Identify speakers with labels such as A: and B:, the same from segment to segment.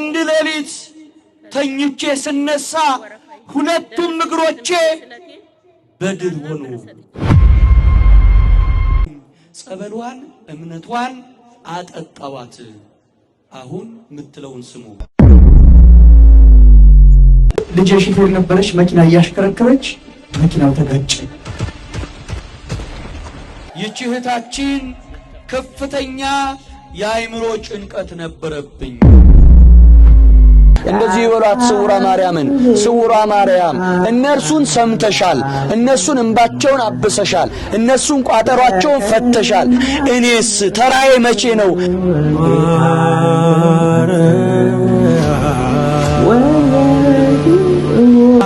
A: አንድ ሌሊት ተኝቼ ስነሳ ሁለቱም እግሮቼ በድል ሆኑ። ጸበሏን እምነቷን አጠጣዋት። አሁን የምትለውን ስሙ። ልጄ ሽፌር ነበረች። መኪና እያሽከረከረች መኪናው ተጋጨ። ይቺ እህታችን ከፍተኛ የአእምሮ ጭንቀት ነበረብኝ። እንደዚህ ይበሏት ስውራ ማርያምን፣ ስውራ ማርያም እነርሱን ሰምተሻል፣ እነሱን እንባቸውን አብሰሻል፣ እነሱን ቋጠሯቸውን ፈተሻል። እኔስ ተራዬ መቼ ነው?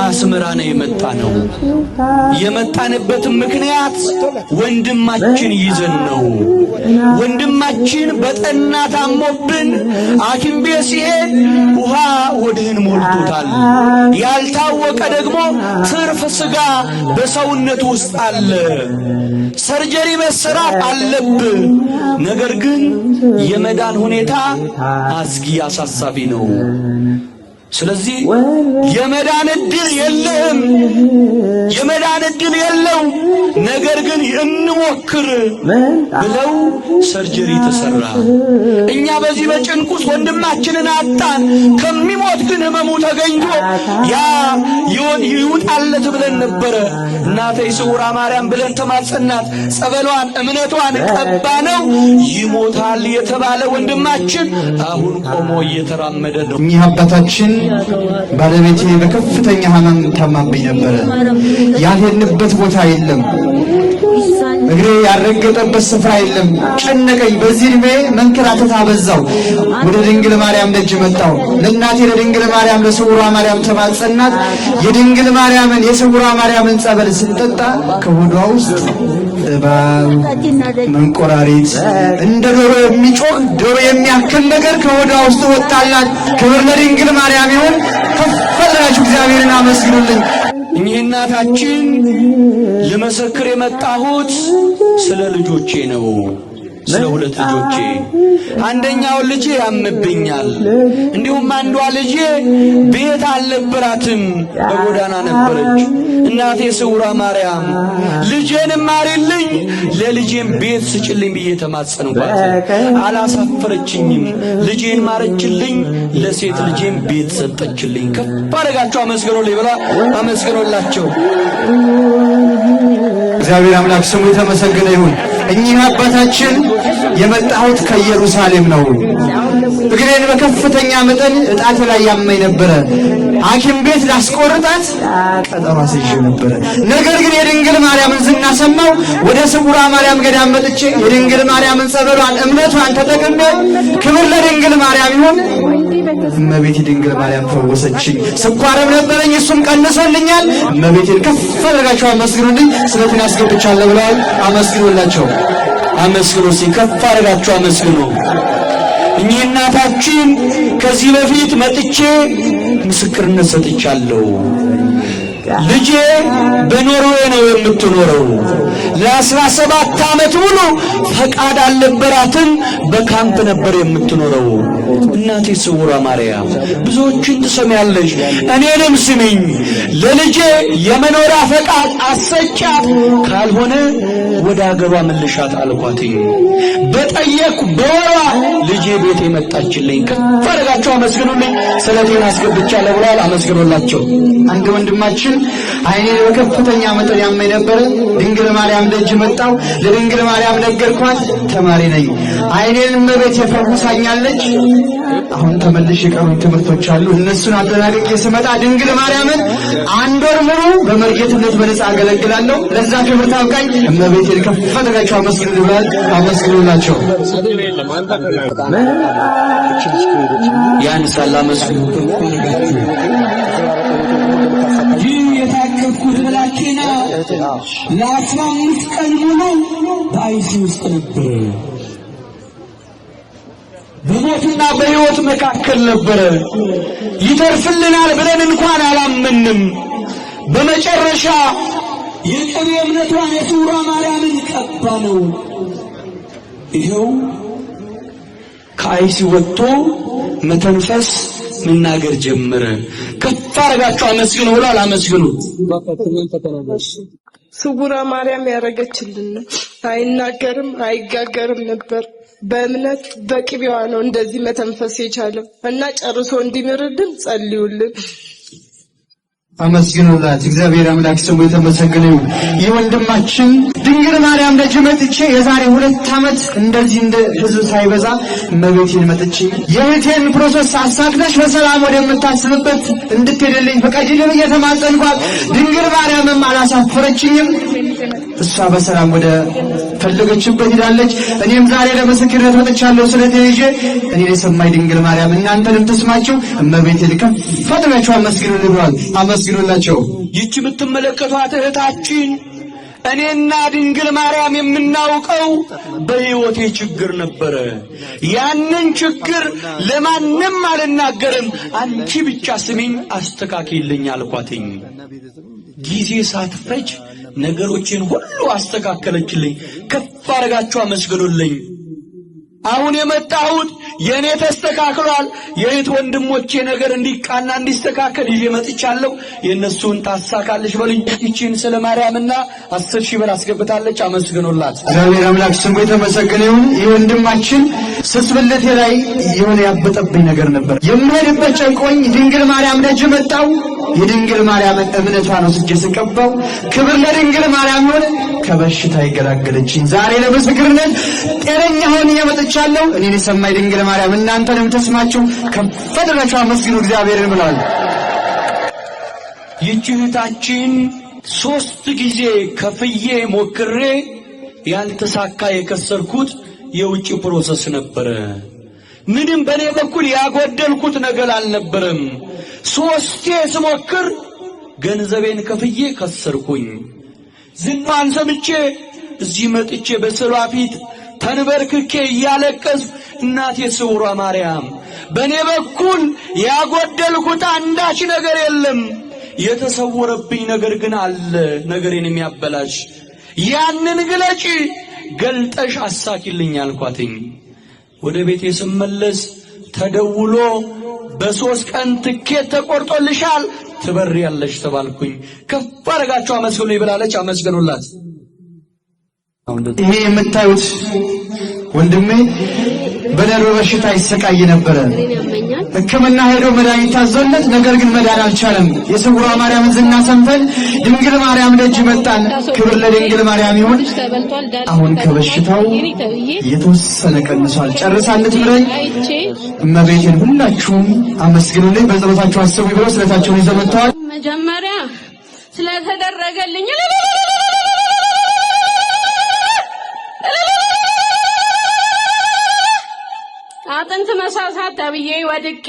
A: ከአስመራ ነው የመጣ ነው። የመጣንበትም ምክንያት ወንድማችን ይዘን ነው። ወንድማችን በጠና ታሞብን ሐኪም ቤት ሲሄድ ውሃ ወድህን ሞልቶታል። ያልታወቀ ደግሞ ትርፍ ስጋ በሰውነት ውስጥ አለ። ሰርጀሪ መሰራት አለብ ነገር ግን የመዳን ሁኔታ አስጊ አሳሳቢ ነው። ስለዚህ የመዳን እድል የለም፣ የመዳን እድል የለው፣ ነገር ግን እንሞክር ብለው ሰርጀሪ ተሰራ። እኛ በዚህ በጭንቁስ ወንድማችንን አጣን። ከሚሞት ግን ህመሙ ተገኝቶ ያ ይውጣለት ብለን ነበረ። እናተ ስውራ ማርያም ብለን ተማጸናት። ጸበሏን እምነቷን ቀባ ነው ይሞታል የተባለ ወንድማችን አሁን ቆሞ እየተራመደ ነው። እኚህ አባታችን ባለቤቴ በከፍተኛ ህመም ታማብኝ ነበረ። ያልሄድንበት ቦታ የለም፣ እግሬ ያረገጠበት ስፍራ የለም። ጨነቀኝ። በዚህ ዕድሜ መንከራተት አበዛው። ወደ ድንግል ማርያም ደጅ መጣው። ለእናቴ ለድንግል ማርያም ለስውሯ ማርያም ተማጸናት። የድንግል ማርያምን የስውሯ ማርያምን ጸበል ስንጠጣ ከሆዷ ውስጥ እባብ፣ መንቆራሪት እንደ ዶሮ የሚጮህ ዶሮ የሚያክል ነገር ከወዳ ውስጥ ወጣላት። ክብር ለድንግል ማርያም ይሁን። ከፈለጋችሁ እግዚአብሔርን አመስግኑልኝ። እኚህ እናታችን ልመሰክር የመጣሁት ስለ ልጆቼ ነው። ስለ ሁለት ልጆቼ አንደኛው ልጄ ያምብኛል፣ እንዲሁም አንዷ ልጄ ቤት አልነበራትም፣ በጎዳና ነበረች። እናቴ ስውራ ማርያም ልጄን ማሪልኝ፣ ለልጄን ቤት ስጭልኝ ብዬ ተማጸንኳት። አላሳፈረችኝም፣ ልጄን ማረችልኝ፣ ለሴት ልጄን ቤት ሰጠችልኝ። ከፍ አደረጋቸው። አመስግኖልኝ ብላ አመስግኖላቸው እግዚአብሔር አምላክ ስሙ የተመሰገነ ይሁን። እኚህ አባታችን የመጣሁት ከኢየሩሳሌም ነው እግሬን በከፍተኛ መጠን እጣቴ ላይ ያመኝ ነበረ። ሐኪም ቤት ላስቆርጣት ቀጠሮ አስይዤ ነበረ። ነገር ግን የድንግል ማርያምን ዝናሰማው ወደ ስጉራ ማርያም ገዳም መጥቼ የድንግል ማርያምን ጸበሏን፣ እምነቷን ተጠቅሜ ክብር ለድንግል ማርያም ይሁን። እመቤት ድንግል ማርያም ፈወሰችኝ። ስኳርም ነበረኝ፣ እሱም ቀንሶልኛል። እመቤቴን ከፍ አድርጋቸው አመስግኑልኝ። ስለቱን ያስገብቻለሁ ብለዋል። አመስግኑላቸው። አመስግኑ፣ ሲከፍ አድርጋቸው አመስግኑ። እኚህ እናታችን ከዚህ በፊት መጥቼ ምስክርነት ሰጥቻለሁ። ልጄ በኖርዌይ ነው የምትኖረው። ለአስራ ሰባት ዓመት ሙሉ ፈቃድ አልነበራትም። በካምፕ ነበር የምትኖረው እናቴ ስውሯ ማርያም። ብዙዎችን ትሰሚያለሽ፣ እኔንም ስሚኝ። ለልጄ የመኖሪያ ፈቃድ አሰጫት፣ ካልሆነ ወደ አገሯ መልሻት አልኳት። በጠየቅኩ በወሯ ልጄ ቤት የመጣችልኝ። ከፍ አድርጋችሁ አመስግኑልኝ። ስለቴን አስገብቻለሁ ብለዋል። አመስግኖላቸው። አንድ ወንድማችን አይኔ በከፍተኛ መጠን ያመኝ ነበረ ድንግል ማርያም ደጅ መጣው፣ ለድንግል ማርያም ነገርኳት። ተማሪ ነኝ። አይኔን መቤት የፈውሳኛለች። አሁን ተመልሽ የቀሩኝ ትምህርቶች አሉ። እነሱን አጠናቅቄ ስመጣ ድንግል ማርያምን አንድ ወር ሙሉ በመርጌትነት በነጻ አገለግላለሁ። ለዛ ክብር ታብቃኝ እመቤቴን ከፍ አድርጋችሁ አመስግኑላቸው። ያን ሳላመስግኑ ያደረግኩት ብላችሁ ነው። ለአስራ አምስት ቀን ሙሉ በአይሲ ውስጥ ነበረ በሞትና በሕይወት መካከል ነበረ። ይተርፍልናል ብለን እንኳን አላመንም። በመጨረሻ የቅቤ እምነቷን የስውሯ ማርያምን ቀባ ነው። ይኸው ከአይሲ ወጥቶ መተንፈስ መናገር ጀመረ። ከፍ አደረጋችሁ። አመስግኑ ብሏል። አመስግኑ።
B: ስውራ ማርያም ያደረገችልን አይናገርም አይጋገርም ነበር። በእምነት በቅቤዋ ነው እንደዚህ መተንፈስ የቻለው እና ጨርሶ እንዲምርልን ጸልዩልን።
A: አመስግኑላት። እግዚአብሔር አምላክ ስሙ የተመሰገነ ይሁን። የወንድማችን ድንግል ማርያም ደጅ መጥቼ የዛሬ ሁለት ዓመት እንደዚህ እንደ ህዝብ ሳይበዛ መቤቴን መጥቼ የእህቴን ፕሮሰስ አሳክተሽ በሰላም ወደምታስብበት እንድትሄድልኝ ፈቃድልን እየተማጸንኳት ድንግል ማርያምም አላሳፈረችኝም። እሷ በሰላም ወደ ፈለገችበት ሄዳለች። እኔም ዛሬ ለምስክርነት መጥቻለሁ። ስለ ተይዤ እኔ የሰማኝ ድንግል ማርያም እናንተን እንድትስማችሁ እመቤቴ ልከፍ ፈጥናችሁ አመስግኑ ብሏል። አመስግኑላቸው። ይቺ የምትመለከቷት እህታችን እኔና ድንግል ማርያም የምናውቀው በሕይወቴ ችግር ነበረ። ያንን ችግር ለማንም አልናገርም፣ አንቺ ብቻ ስሜኝ አስተካክልኝ አልኳትኝ። ጊዜ ሳትፈጅ ነገሮችን ሁሉ አስተካከለችልኝ። ከፍ አድርጋችሁ አመስግኑልኝ። አሁን የመጣሁት የእኔ ተስተካክሏል። የእህት ወንድሞቼ ነገር እንዲቃና እንዲስተካከል ይዤ መጥቻለሁ። የእነሱን ታሳካለች በልኝ። ይቺን ስለ ማርያምና አስር ሺህ ብር አስገብታለች። አመስግኑላት። እግዚአብሔር አምላክ ስሙ የተመሰገነ ይሁን። ይህ ወንድማችን ስስብልቴ ላይ የሆነ ያበጠብኝ ነገር ነበር። የምሄድበት ጨንቆኝ ድንግል ማርያም ደጅ መጣው። የድንግል ማርያም ነው ወስጄ ስቀባው፣ ክብር ለድንግል ማርያም ይሁን፣ ከበሽታ ይገላገለችኝ። ዛሬ ለምስክርነት ጤነኛ ሆኜ እየመጥቻለሁ። እኔን የሰማኝ ድንግል ማርያም እናንተንም ተስማችሁ ከፈደራችሁ አመስግኑ እግዚአብሔርን ብለዋል። ይህች ሶስት ጊዜ ከፍዬ ሞክሬ ያልተሳካ የከሰርኩት የውጭ ፕሮሰስ ነበረ። ምንም በእኔ በኩል ያጎደልኩት ነገር አልነበረም። ሶስቴ ስሞክር ገንዘቤን ከፍዬ ከሰርኩኝ። ዝናን ሰምቼ እዚህ መጥቼ በስዕሏ ፊት ተንበርክኬ እያለቀስ እናቴ ስውሯ ማርያም በእኔ በኩል ያጎደልኩት አንዳች ነገር የለም፣ የተሰወረብኝ ነገር ግን አለ ነገሬን የሚያበላሽ ያንን ግለጪ ገልጠሽ አሳኪልኝ አልኳትኝ። ወደ ቤቴ ስመለስ ተደውሎ በሶስት ቀን ትኬት ተቆርጦልሻል ያለሽ ተባልኩኝ። ከፍ አደረጋችሁ አመስግኑኝ ይብላለች አመስግኑላት። ይሄ የምታዩት ወንድሜ በደሮ በሽታ ይሰቃይ ነበረ። ሕክምና ሄዶ መድኃኒት ታዞለት፣ ነገር ግን መዳን አልቻለም። የስውሯ ማርያምን ዝና ሰምተን ድንግል ማርያም ደጅ መጣን። ክብር ለድንግል ማርያም ይሁን። አሁን ከበሽታው የተወሰነ ቀንሷል። ጨርሳለት ብለኝ እመቤቴን ሁላችሁም አመስግኑልኝ፣ በጸሎታችሁ አስቡ ብሎ ስለታቸውን ይዘመተዋል።
C: መጀመሪያ ስለተደረገልኝ መሳሳት ተብዬ ወድቄ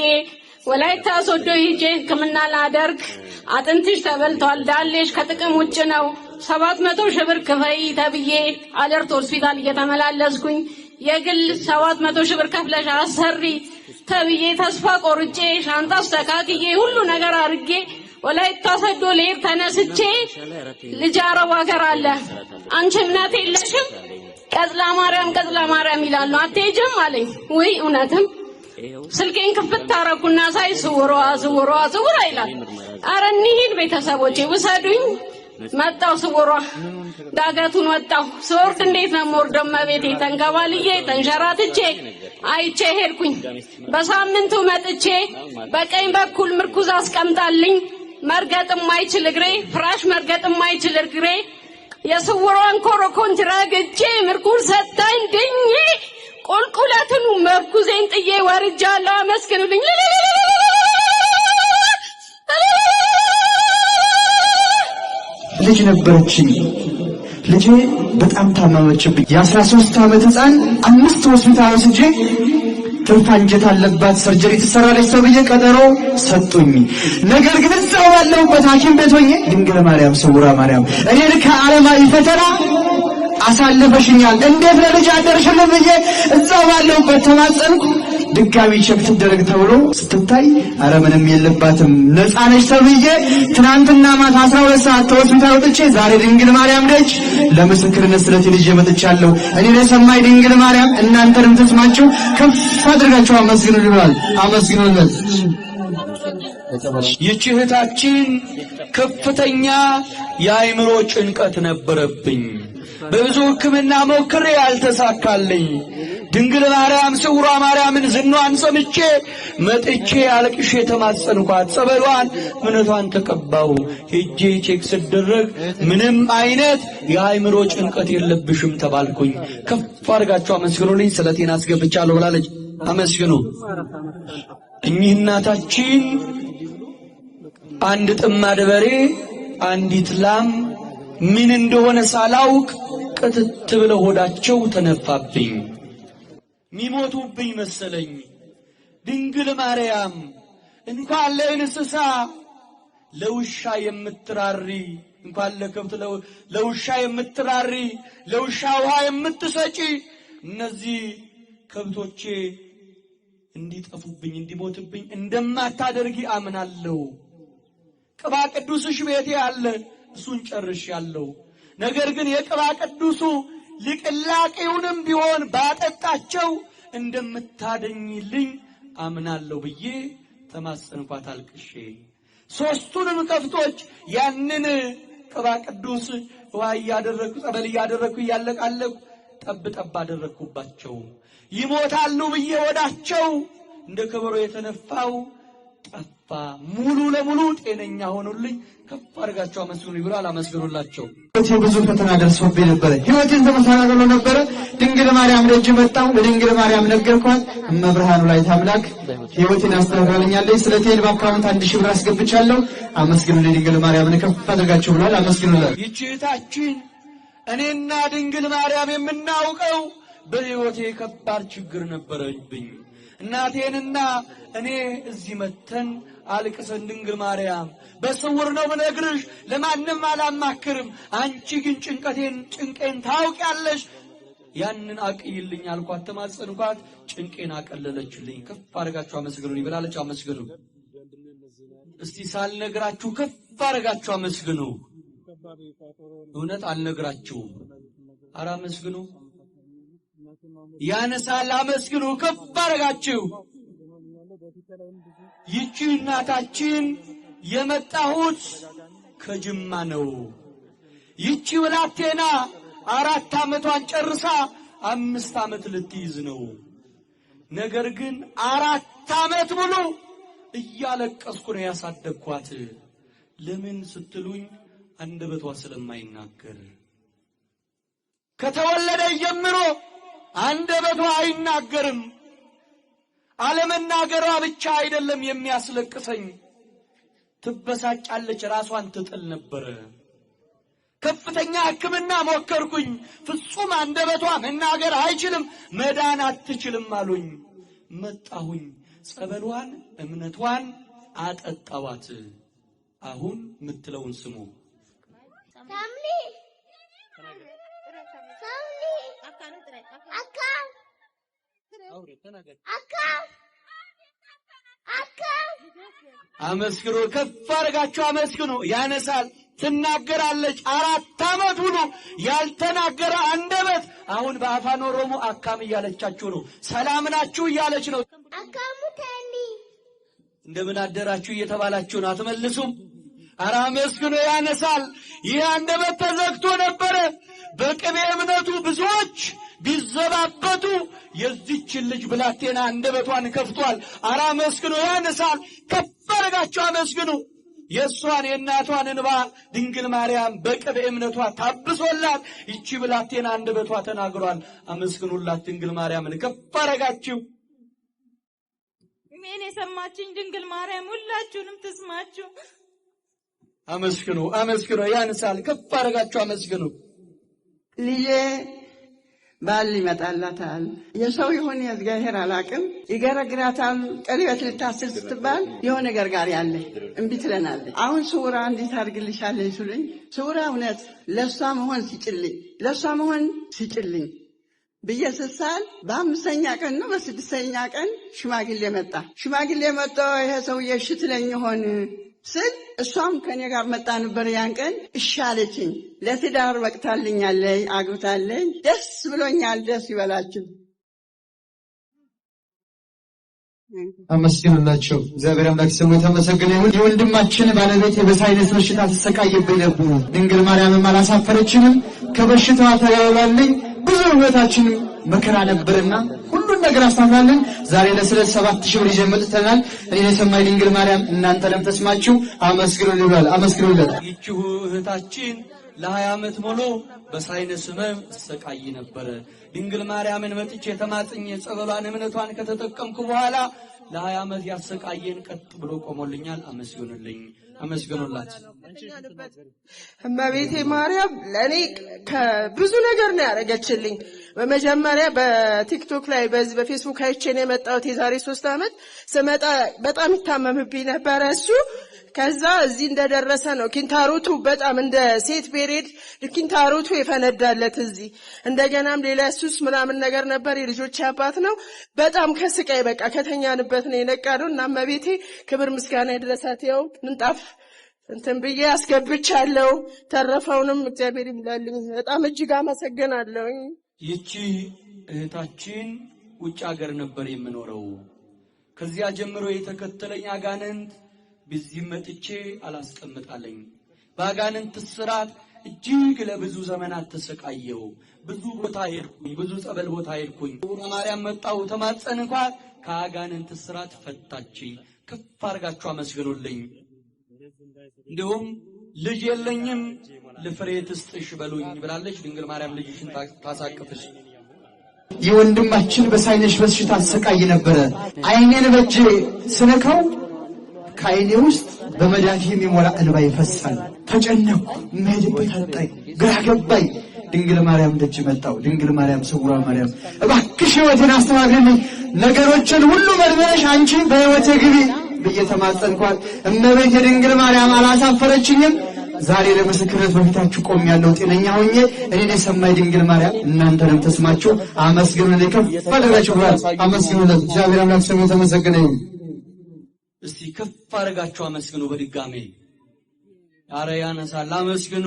C: ወላይታ ሶዶ ሂጄ ሕክምና ላደርግ አጥንትሽ ተበልቷል፣ ዳሌሽ ከጥቅም ውጭ ነው፣ ሰባት መቶ ሺህ ብር ክፈይ ተብዬ አለርት ሆስፒታል እየተመላለስኩኝ የግል ሰባት መቶ ሺህ ብር ከፍለሽ አሰሪ ተብዬ ተስፋ ቆርጬ ሻንጣ አስተካክዬ ሁሉ ነገር አድርጌ ወላይታ ሶዶ ልሄድ ተነስቼ ልጅ አረብ ሀገር አለ አንቺ እምነት የለሽም ቀጽላ ማርያም ቀጽላ ማርያም ይላሉ። አትሄጂም አለኝ። ወይ እውነትም ስልኬን ክፍት አረኩና ሳይ ስውሯ ስውሯ ስውሯ ይላል። አረ እንሂድ ቤተሰቦቼ ውሰዱኝ። መጣው ስውሯ ዳገቱን ወጣው። ስወርድ እንዴት ነው የምወርደው? መቤቴ ተንከባልዬ ተንሸራትቼ አይቼ ሄድኩኝ። በሳምንቱ መጥቼ በቀኝ በኩል ምርኩዝ አስቀምጣልኝ መርገጥ ማይችል እግሬ ፍራሽ መርገጥ ማይችል እግሬ የስውሯን ኮሮኮንችራ ግጬ ምርኩር ሰጣኝ ድኝ ቁልቁለትን መርኩዜን ጥዬ ወርጃለሁ። አመስግኑልኝ።
A: ልጅ ነበረችኝ። ልጄ በጣም ታመመችብኝ። የአስራ ሶስት ዓመት ህፃን አምስት ሆስፒታል ወስጄ ክንፍ አንጀት አለባት ሰርጀሪ ትሰራለች ተብዬ ቀጠሮ ሰጡኝ። ነገር ግን እዛው ባለሁበት ሐኪም ቤት ሆኜ ድንግል ማርያም ስውራ ማርያም እኔን ከዓለማዊ ፈተና አሳልፈሽኛል እንዴት ለልጅ አደርሽልም ብዬ እዛው ባለሁበት ተማጸንኩ። ድጋሚ ቼክ ትደረግ ተብሎ ስትታይ አረ ምንም የለባትም ነፃ ነች ተብዬ ትናንትና ማታ 12 ሰዓት ከሆስፒታል ወጥቼ ዛሬ ድንግል ማርያም ነች ለምስክርነት ስለት ልጅ መጥቻለሁ። እኔ ለሰማይ ድንግል ማርያም እናንተንም ትስማችሁ ከፍ አድርጋችሁ አመስግኑ ይላል። አመስግኑለት። ይቺ እህታችን ከፍተኛ የአእምሮ ጭንቀት ነበረብኝ። በብዙ ሕክምና ሞክሬ አልተሳካልኝ። ድንግል ማርያም ስውሯ ማርያምን ዝኗን ሰምቼ መጥቼ አልቅሼ የተማጸንኳት ጸበሏን እምነቷን ተቀባው። ሄጄ ቼክ ስደረግ ምንም አይነት የአእምሮ ጭንቀት የለብሽም ተባልኩኝ። ከፍ አድርጋችሁ አመስግኑልኝ። ስለ ጤና አስገብቻለሁ ብላለች። አመስግኑ። እኚህ እናታችን አንድ ጥማድ በሬ አንዲት ላም ምን እንደሆነ ሳላውቅ ቅጥት ብለው ሆዳቸው ተነፋብኝ። ሚሞቱብኝ መሰለኝ። ድንግል ማርያም እንኳን ለእንስሳ ለውሻ የምትራሪ እንኳን ለከብት ለውሻ የምትራሪ ለውሻ ውሃ የምትሰጪ እነዚህ ከብቶቼ እንዲጠፉብኝ እንዲሞትብኝ እንደማታደርጊ አምናለሁ። ቅባ ቅዱስሽ ቤቴ አለ፣ እሱን ያለው ነገር ግን የቅባ ቅዱሱ ልቅላቂውንም ቢሆን ባጠጣቸው እንደምታደኝልኝ አምናለሁ ብዬ ተማጸንኳት አልቅሼ። ሶስቱንም ከፍቶች ያንን ቅባ ቅዱስ ውሃ እያደረግኩ ጸበል እያደረግኩ እያለቃለኩ ጠብ ጠብ አደረግኩባቸው። ይሞታሉ ብዬ ወዳቸው እንደ ከበሮ የተነፋው ጠፋ። ሙሉ ለሙሉ ጤነኛ ሆኑልኝ። ከፍ አድርጋቸው አመስግኑ ይብላል። አመስግኑላቸው። ብዙ ፈተና ደርሶብኝ ነበረ። ህይወቴን ተመሰናቅሎ ነበረ። ድንግል ማርያም ደጅ መጣሁ። በድንግል ማርያም ነገርኳት። እመብርሃኑ ላይ ታምላክ ህይወቴን አስተካክላለኛለች። ስለ ቴል በአካውንት አንድ ሺህ ብር አስገብቻለሁ። አመስግኑ ለድንግል ማርያምን ከፍ አድርጋቸው ብሏል። አመስግኑላት። ይችታችን እኔና ድንግል ማርያም የምናውቀው በህይወቴ ከባድ ችግር ነበረብኝ። እናቴንና እኔ እዚህ መተን አልቅሰን ድንግል ማርያም በስውር ነው ብነግርሽ ለማንም አላማክርም። አንቺ ግን ጭንቀቴን ጭንቄን ታውቂያለሽ። ያንን አቅይልኝ አልኳት፣ ተማጸንኳት። ጭንቄን አቀለለችልኝ። ከፍ አድርጋችሁ አመስግኑኝ ብላለች። አመስግኑ እስቲ። ሳልነግራችሁ ከፍ አድርጋችሁ አመስግኑ። እውነት አልነግራችሁም። አራ አመስግኑ። ያነሳል። አመስግኑ፣ ከፍ አረጋችሁ። ይቺ እናታችን የመጣሁት ከጅማ ነው። ይቺ ብላቴና አራት ዓመቷን ጨርሳ አምስት ዓመት ልትይዝ ነው። ነገር ግን አራት ዓመት ሙሉ እያለቀስኩ ነው ያሳደግኳት። ለምን ስትሉኝ አንደበቷ ስለማይናገር ከተወለደ ጀምሮ አንደበቷ አይናገርም። አለመናገሯ ብቻ አይደለም የሚያስለቅሰኝ፣ ትበሳጫለች፣ ራሷን ትጥል ነበረ። ከፍተኛ ሕክምና ሞከርኩኝ። ፍጹም አንደበቷ መናገር አይችልም፣ መዳን አትችልም አሉኝ። መጣሁኝ፣ ጸበሏን፣ እምነቷን አጠጣዋት። አሁን ምትለውን ስሙ። አመስግኖ ከፍ አድርጋችሁ አመስግኖ ያነሳል። ትናገራለች። አራት አመት ሁኖ ያልተናገረ አንደበት አሁን በአፋን ኦሮሞ አካም እያለቻችሁ ነው። ሰላም ናችሁ እያለች ነው።
D: አካሙ ተኒ
A: እንደምን አደራችሁ እየተባላችሁ ነው። አትመልሱም። አራ አመስግኖ ያነሳል። ይህ አንደበት ተዘግቶ ነበረ። በቅቤ እምነቱ ብዙዎች ቢዘባበቱ የዚችን ልጅ ብላቴና አንደበቷን ከፍቷል። አራ መስግኑ ያነሳል። ከፍ አመስግኑ። የእሷን የእናቷን እንባ ድንግል ማርያም በቅቤ እምነቷ ታብሶላት ይቺ ብላቴና አንደበቷ ተናግሯል። አመስግኑላት ድንግል ማርያምን ከፍ አድርጋችሁ።
C: እኔን የሰማችኝ ድንግል ማርያም ሁላችሁንም ትስማችሁ።
A: አመስግኑ፣ አመስግኑ። ያንሳል። ከፍ አረጋችሁ አመስግኑ።
E: ልጄ ባል ይመጣላታል። የሰው ይሁን የእግዚአብሔር አላቅም። ይገረግራታል። ቀለበት ልታስር ስትባል የሆነ ነገር ጋር ያለ እምቢ ትለናለች። አሁን ስውራ እንዴት አድርግልሻለኝ ሲሉኝ ስውራ እውነት ለእሷ መሆን ሲጭልኝ ለእሷ መሆን ሲጭልኝ ብዬ ስሳል በአምስተኛ ቀን ነው በስድስተኛ ቀን ሽማግሌ መጣ። ሽማግሌ መጣ። ይሄ ሰውዬ እሺ ትለኝ ይሆን ስል እሷም ከኔ ጋር መጣ ነበር። ያን ቀን እሻለችኝ። ለትዳር በቅታልኛለች፣ አግብታለኝ ደስ ብሎኛል። ደስ ይበላችሁ።
A: አመስግኑላቸው። እግዚአብሔር አምላክ ስሙ የተመሰገነ ይሁን። የወንድማችን ባለቤት የበሳይነት በሽታ ትሰቃይብኝ ነበር። ድንግል ማርያምም አላሳፈረችንም። ከበሽታዋ ተገላግላለች። ብዙ ህይወታችንም መከራ ነበርና ነገር አስተካክለን ዛሬ ለስለት ሰባት ሺህ ብር ይዘን መጥተናል። እኔ ለሰማይ ድንግል ማርያም እናንተ እናንተንም ተስማችሁ አመስግኑ አመስግኑልኝ። ይቺሁ እህታችን ለሀያ ዓመት ሞሎ በሳይነስ ህመም እሰቃይ ነበረ። ድንግል ማርያምን መጥቼ የተማጥኝ ጸበሏን እምነቷን ከተጠቀምኩ በኋላ ለሀያ ዓመት ያሰቃየን ቀጥ ብሎ ቆሞልኛል። አመስግኑልኝ አመስግኑላት።
B: እመቤቴ ማርያም ለእኔ ከብዙ ነገር ነው ያደረገችልኝ። በመጀመሪያ በቲክቶክ ላይ በዚህ በፌስቡክ አይቼን የመጣሁት። የዛሬ ሶስት ዓመት ስመጣ በጣም ይታመምብኝ ነበረ እሱ ከዛ እዚህ እንደደረሰ ነው ኪንታሮቱ በጣም እንደ ሴት ቤሬድ ኪንታሮቱ የፈነዳለት እዚህ። እንደገናም ሌላ ሱስ ምናምን ነገር ነበር። የልጆች አባት ነው። በጣም ከስቃይ በቃ ከተኛንበት ነው የነቃ ነው እና እመቤቴ ክብር ምስጋና ይድረሳት። ያው ምንጣፍ እንትን ብዬ አስገብቻለሁ። ተረፈውንም እግዚአብሔር ይምላልኝ። በጣም እጅግ አመሰግናለሁኝ።
A: ይቺ እህታችን ውጭ ሀገር ነበር የምኖረው። ከዚያ ጀምሮ የተከተለኝ አጋንንት ብዚህ መጥቼ አላስቀምጣለኝ። በአጋንንት ስራት እጅግ ለብዙ ዘመናት ተሰቃየው። ብዙ ቦታ ሄድኩኝ፣ ብዙ ጸበል ቦታ ሄድኩኝ። ማርያም መጣው ተማጸን እንኳ ከአጋንንት ስራት ፈታችኝ። ከፍ አድርጋችሁ አመስግኑልኝ። እንዲሁም ልጅ የለኝም ልፍሬ ትስጥሽ በሉኝ ብላለች። ድንግል ማርያም ልጅሽን ታሳቅፍሽ። የወንድማችን በሳይነሽ በሽታ አሰቃይ ነበረ። አይኔን በእጄ ስነካው ከአይኔ ውስጥ በመድኃኒት የሚሞላ እንባ ይፈሳል። ተጨነኩ፣ መሄድበት አጣኝ፣ ግራ ገባኝ። ድንግል ማርያም ደጅ መጣው። ድንግል ማርያም ስውሯ ማርያም እባክሽ ሕይወቴን አስተናግድልኝ፣ ነገሮችን ሁሉ መድመነሽ አንቺ በሕይወቴ ግቢ ብዬ ተማጸንኳት። እመቤት የድንግል ማርያም አላሳፈረችኝም። ዛሬ ለምስክርነት በፊታችሁ ቆም ያለው ጤነኛ ሆኜ እኔን የሰማይ ድንግል ማርያም እናንተንም ተስማችሁ አመስግኑን። ከፍ አድርጋችሁ ብሏል። አመስግኑለት። እግዚአብሔር አምላክ ስሙ የተመሰገነ ይሁን። እስቲ ከፍ አድርጋችሁ አመስግኑ። በድጋሜ አረ ያነሳል። አመስግኑ።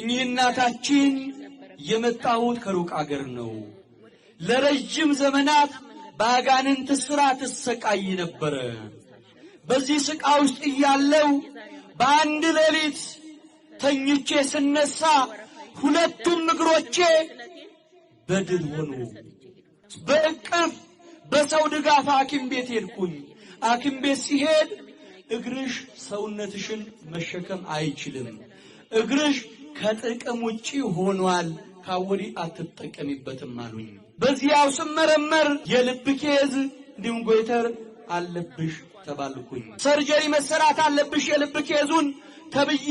A: እኚህ እናታችን የመጣሁት ከሩቅ አገር ነው ለረጅም ዘመናት በአጋንንት ስራ ትሰቃይ ነበረ። በዚህ ስቃ ውስጥ እያለው በአንድ ሌሊት ተኝቼ ስነሳ ሁለቱም እግሮቼ በድል ሆኑ። በእቅፍ በሰው ድጋፍ ሐኪም ቤት ሄድኩኝ። ሐኪም ቤት ሲሄድ እግርሽ ሰውነትሽን መሸከም አይችልም፣ እግርሽ ከጥቅም ውጪ ሆኗል ካወዲ አትጠቀሚበትም አሉኝ። በዚያው ስመረመር የልብ ኬዝ እንዲሁም ጎይተር አለብሽ ተባልኩኝ። ሰርጀሪ መሰራት አለብሽ የልብ ኬዙን ተብዬ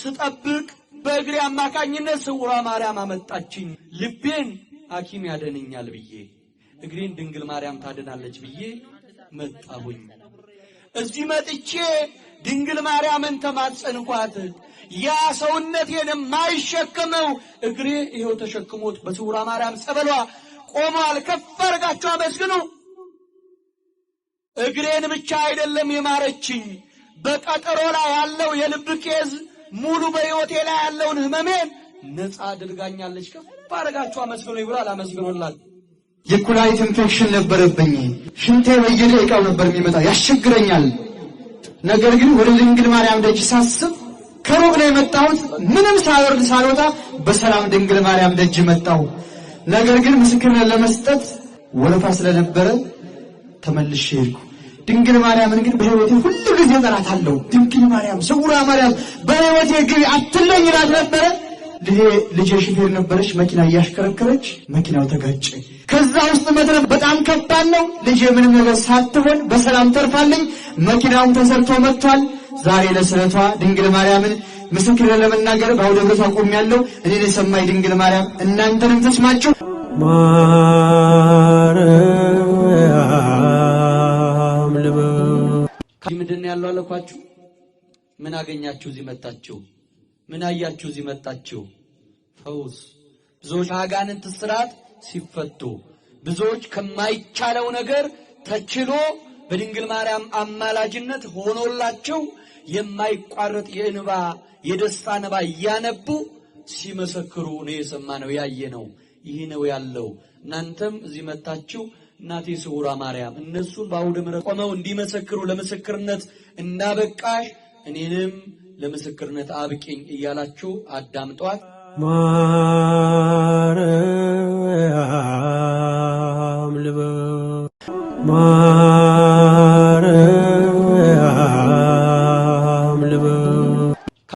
A: ስጠብቅ በእግሬ አማካኝነት ስውሯ ማርያም አመጣችኝ። ልቤን ሐኪም ያደንኛል ብዬ እግሬን ድንግል ማርያም ታድናለች ብዬ መጣሁኝ። እዚህ መጥቼ ድንግል ማርያምን ተማጸንኳት። ያ ሰውነቴን የማይሸከመው እግሬ ይኸው ተሸክሞት በስውሯ ማርያም ጸበሏ ቆሟል። ከፍ አድርጋችሁ አመስግኑ። እግሬን ብቻ አይደለም የማረችኝ፣ በቀጠሮ ላይ ያለው የልብ ኬዝ ሙሉ በሕይወቴ ላይ ያለውን ህመሜን ነፃ አድርጋኛለች። ከፍ አመስግኑ ይብሏል። አመስግኑላል። የኩላሊት ኢንፌክሽን ነበረብኝ። ሽንቴ በየደቂቃው ነበር የሚመጣ ያስቸግረኛል። ነገር ግን ወደ ድንግል ማርያም ደጅ ሳስብ ከሩቅ ነው የመጣሁት። ምንም ሳወርድ ሳልወጣ በሰላም ድንግል ማርያም ደጅ መጣሁ። ነገር ግን ምስክርነት ለመስጠት ወረፋ ስለነበረ ተመልሼ ሄድኩ። ድንግል ማርያምን ግን በህይወቴ ሁሉ ጊዜ እጠራታለሁ። ድንግል ማርያም፣ ስውራ ማርያም በህይወቴ ግቢ አትለኝ እላት ነበረ። ልጄ ሽፌር ነበረች። መኪና እያሽከረከረች መኪናው ተጋጨ። ከዛ ውስጥ መድረስ በጣም ከባድ ነው። ልጄ ምንም ነገር ሳትሆን በሰላም ተርፋለኝ። መኪናውም ተሰርቶ መጥቷል። ዛሬ ለስዕለቷ ድንግል ማርያምን ምስክር ለመናገር በአውደ ምሕረት ያለው እኔን የሰማኝ ድንግል ማርያም እናንተንም ተስማችሁ ማርያም ምንድን ነው ያለው አለኳችሁ። ምን አገኛችሁ እዚህ መጣችሁ? ምን አያችሁ እዚህ መጣችሁ? ፈውስ ብዙዎች አጋንንት ስርዓት ሲፈቱ ብዙዎች ከማይቻለው ነገር ተችሎ በድንግል ማርያም አማላጅነት ሆኖላቸው የማይቋረጥ የእንባ የደስታ እንባ እያነቡ ሲመሰክሩ ነው ያየ ያየነው። ይህ ነው ያለው። እናንተም እዚህ መታችሁ እናቴ ስውሯ ማርያም እነሱን በአውደ ምሕረት ቆመው እንዲመሰክሩ ለምስክርነት እንዳበቃሽ እኔንም ለምስክርነት አብቂኝ እያላችሁ አዳምጧት። ማርያም ልበ